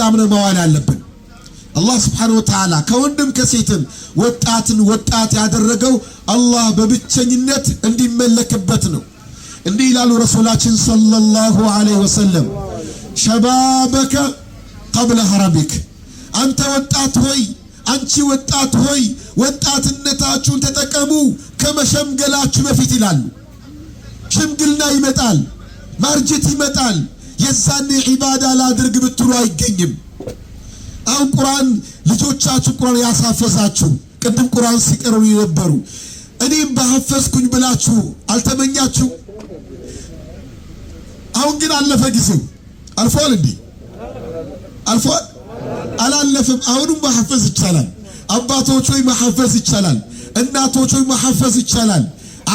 ይህንን መዋል አለብን። አላህ ስብሓነሁ ወተዓላ ከወንድም ከሴትም ወጣትን ወጣት ያደረገው አላህ በብቸኝነት እንዲመለክበት ነው። እንዲህ ይላሉ ረሱላችን ሰለላሁ ዐለይሂ ወሰለም ሸባበከ ቀብለ ሀረቢክ አንተ ወጣት ሆይ አንቺ ወጣት ሆይ ወጣትነታችሁን ተጠቀሙ ከመሸምገላችሁ በፊት ይላሉ። ሽምግልና ይመጣል፣ ማርጀት ይመጣል የዛን ዒባዳ ላድርግ ብትሉ አይገኝም። አሁን ቁርአን ልጆቻችሁ ቁርአን ያሳፈሳችሁ ቅድም ቁርአን ሲቀርቡ የነበሩ እኔም በሐፈዝኩኝ ብላችሁ አልተመኛችሁ። አሁን ግን አለፈ ጊዜው አልፏል። እንዲህ አልፏል አላለፈም። አሁንም ማሐፈዝ ይቻላል። አባቶች ሆይ ማሐፈዝ ይቻላል። እናቶች ሆይ መሐፈዝ ይቻላል።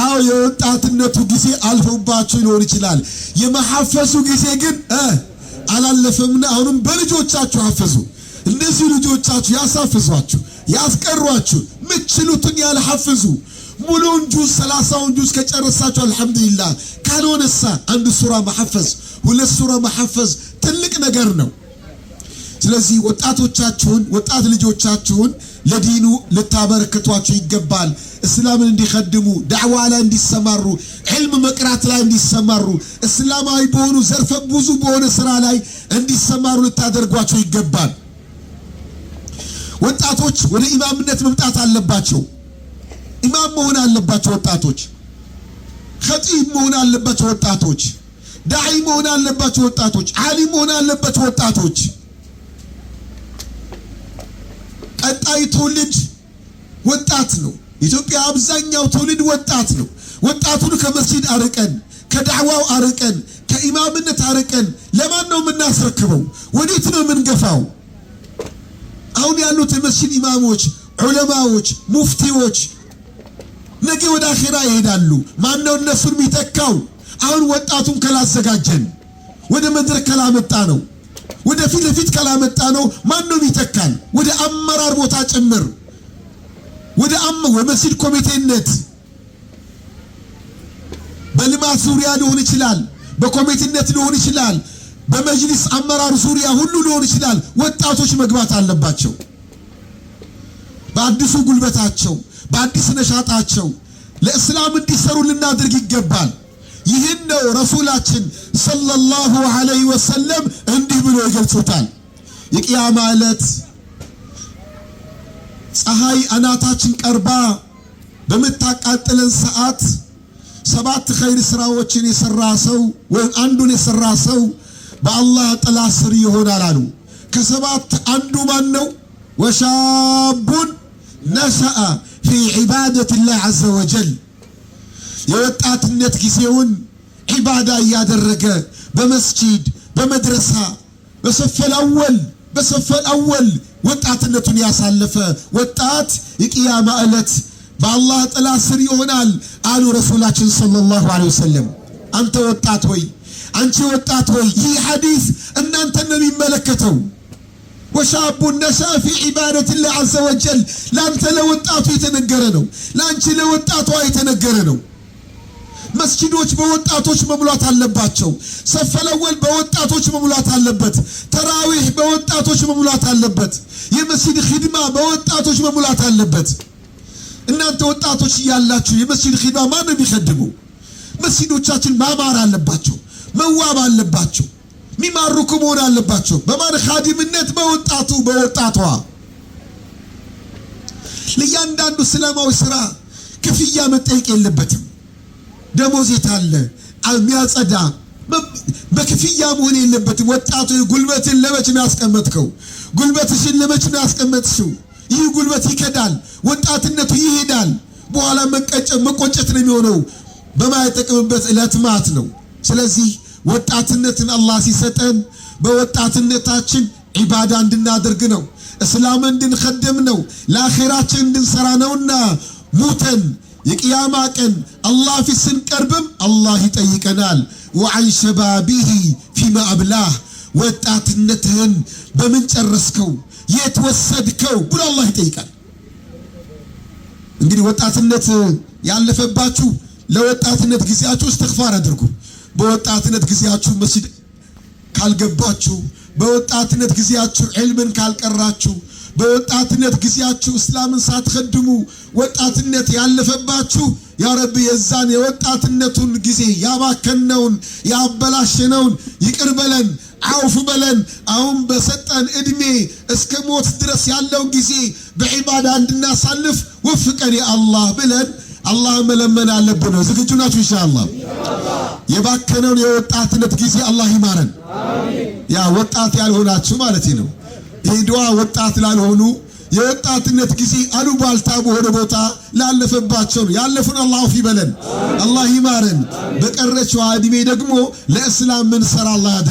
አዎ የወጣትነቱ ጊዜ አልፎባችሁ ሊሆን ይችላል። የመሐፈሱ ጊዜ ግን አላለፈምና አሁንም በልጆቻችሁ ሐፈዙ። እነዚህ ልጆቻችሁ ያሳፍዟችሁ፣ ያስቀሯችሁ፣ ምችሉትን ያልሐፍዙ ሐፍዙ። ሙሉውን ጁዝ ሰላሳውን ጁዝ ከጨረሳችሁ አልሐምዱሊላህ። ካልሆነሳ አንድ ሱራ መሐፈዝ፣ ሁለት ሱራ መሐፈዝ ትልቅ ነገር ነው። ስለዚህ ወጣቶቻችሁን ወጣት ልጆቻችሁን ለዲኑ ልታበረክቷቸው ይገባል። እስላምን እንዲከድሙ፣ ዳዕዋ ላይ እንዲሰማሩ፣ ዕልም መቅራት ላይ እንዲሰማሩ፣ እስላማዊ በሆኑ ዘርፈ ብዙ በሆነ ስራ ላይ እንዲሰማሩ ልታደርጓቸው ይገባል። ወጣቶች ወደ ኢማምነት መምጣት አለባቸው። ኢማም መሆን አለባቸው ወጣቶች። ከጢብ መሆን አለባቸው ወጣቶች። ዳዒ መሆን አለባቸው ወጣቶች። ዓሊም መሆን አለባቸው ወጣቶች። ቀጣይ ትውልድ ወጣት ነው። ኢትዮጵያ አብዛኛው ትውልድ ወጣት ነው። ወጣቱን ከመስጂድ አርቀን ከዳዕዋው አርቀን ከኢማምነት አርቀን ለማን ነው የምናስረክበው? ወዴት ነው የምንገፋው? አሁን ያሉት የመስጂድ ኢማሞች፣ ዑለማዎች፣ ሙፍቲዎች ነገ ወደ አኼራ ይሄዳሉ። ማን ነው እነሱን የሚተካው? አሁን ወጣቱን ካላዘጋጀን፣ ወደ መድረክ ከላመጣ ነው ወደ ፊት ለፊት ካላመጣ ነው ማን ነው የሚተካን? ወደ አመራር ቦታ ጭምር ወደ አም የመስጂድ ኮሚቴነት በልማት ዙሪያ ሊሆን ይችላል፣ በኮሚቴነት ሊሆን ይችላል፣ በመጅሊስ አመራር ዙሪያ ሁሉ ሊሆን ይችላል። ወጣቶች መግባት አለባቸው። በአዲሱ ጉልበታቸው፣ በአዲስ ነሻጣቸው ለእስላም እንዲሰሩ ልናደርግ ይገባል። ይህን ነው ረሱላችን ሰለላሁ ዐለይሂ ወሰለም እንዲህ ብሎ ይገልጹታል የቅያማ ዕለት ፀሐይ አናታችን ቀርባ በምታቃጥለን ሰዓት ሰባት ኸይር ስራዎችን የሰራ ሰው ወይም አንዱን የሰራ ሰው በአላህ ጥላ ስር ይሆናል አሉ። ከሰባት አንዱ ማን ነው? ወሻቡን ነሸአ ፊ ዒባደቲላህ ዐዘ ወጀል የወጣትነት ጊዜውን ዒባዳ እያደረገ በመስጂድ በመድረሳ በሰፈል አወል በሰፈል አወል ወጣትነቱን ያሳለፈ ወጣት የቅያማ ዕለት በአላህ ጥላ ስር ይሆናል አሉ ረሱላችን ሰለላሁ ዐለይሂ ወሰለም። አንተ ወጣት ወይ አንቺ ወጣት ወይ ይህ ሐዲስ እናንተን ነው የሚመለከተው። ወሻቡ ነሻ ፊ ዒባደቲላህ ዐዘ ወጀል ለአንተ ለወጣቱ የተነገረ ነው። ለአንቺ ለወጣቷ የተነገረ ነው። መስጊዶች በወጣቶች መሙላት አለባቸው። ሰፈለወል በወጣቶች መሙላት አለበት። ተራዊህ በወጣቶች መሙላት አለበት። የመስጊድ ኺድማ በወጣቶች መሙላት አለበት። እናንተ ወጣቶች እያላችሁ የመስጊድ ኺድማ ማን ነው የሚከድሙ? መስጊዶቻችን ማማር አለባቸው፣ መዋብ አለባቸው፣ የሚማርኩ መሆን አለባቸው። በማን ኻዲምነት? በወጣቱ በወጣቷ ለእያንዳንዱ ሰላማዊ ስራ ክፍያ መጠየቅ የለበትም። ደሞዝ አለ የሚያጸዳ በክፍያ መሆን የለበትም። ወጣቱ ጉልበትን ለመች ነው ያስቀመጥከው? ጉልበትሽን ለመች ነው ያስቀመጥሽው? ይህ ጉልበት ይከዳል፣ ወጣትነቱ ይሄዳል። በኋላ መቀጨ መቆጨት ነው የሚሆነው። በማይጠቅምበት ዕለት ማት ነው። ስለዚህ ወጣትነትን አላህ ሲሰጠን በወጣትነታችን ዒባዳ እንድናደርግ ነው። እስላም እንድንከደም ነው። ለአኼራችን እንድንሰራ ነውና ሙተን የቅያማ ቀን አላህ ፊት ስንቀርብም አላህ ይጠይቀናል። ወአን ሸባቢህ ፊማ አብላህ ወጣትነትህን በምን ጨረስከው፣ የት ወሰድከው ብሎ አላህ ይጠይቃል። እንግዲህ ወጣትነት ያለፈባችሁ ለወጣትነት ጊዜያችሁ እስትግፋር አድርጉ። በወጣትነት ጊዜያችሁ መስጂድ ካልገባችሁ፣ በወጣትነት ጊዜያችሁ ዕልምን ካልቀራችሁ በወጣትነት ጊዜያችሁ እስላምን ሳትከድሙ ወጣትነት ያለፈባችሁ ያረብ የዛን የወጣትነቱን ጊዜ ያባከነውን ያበላሸነውን ይቅር በለን አውፍ በለን። አሁን በሰጠን እድሜ እስከ ሞት ድረስ ያለው ጊዜ በዒባዳ እንድናሳልፍ ወፍቀን አላህ ብለን አላህ መለመን አለብን ነው። ዝግጁ ናችሁ? ኢንሻአላህ የባከነውን የወጣትነት ጊዜ አላህ ይማረን። ያ ወጣት ያልሆናችሁ ማለት ነው። የድዋ ወጣት ላልሆኑ የወጣትነት ጊዜ አሉባልታ በሆነ ቦታ ላለፈባቸው ነው። ያለፉን አላህ አውፍ ይበለን፣ አላህ ይማረን። በቀረችዋ እድሜ ደግሞ ለእስላም ምን ሰራ አላህ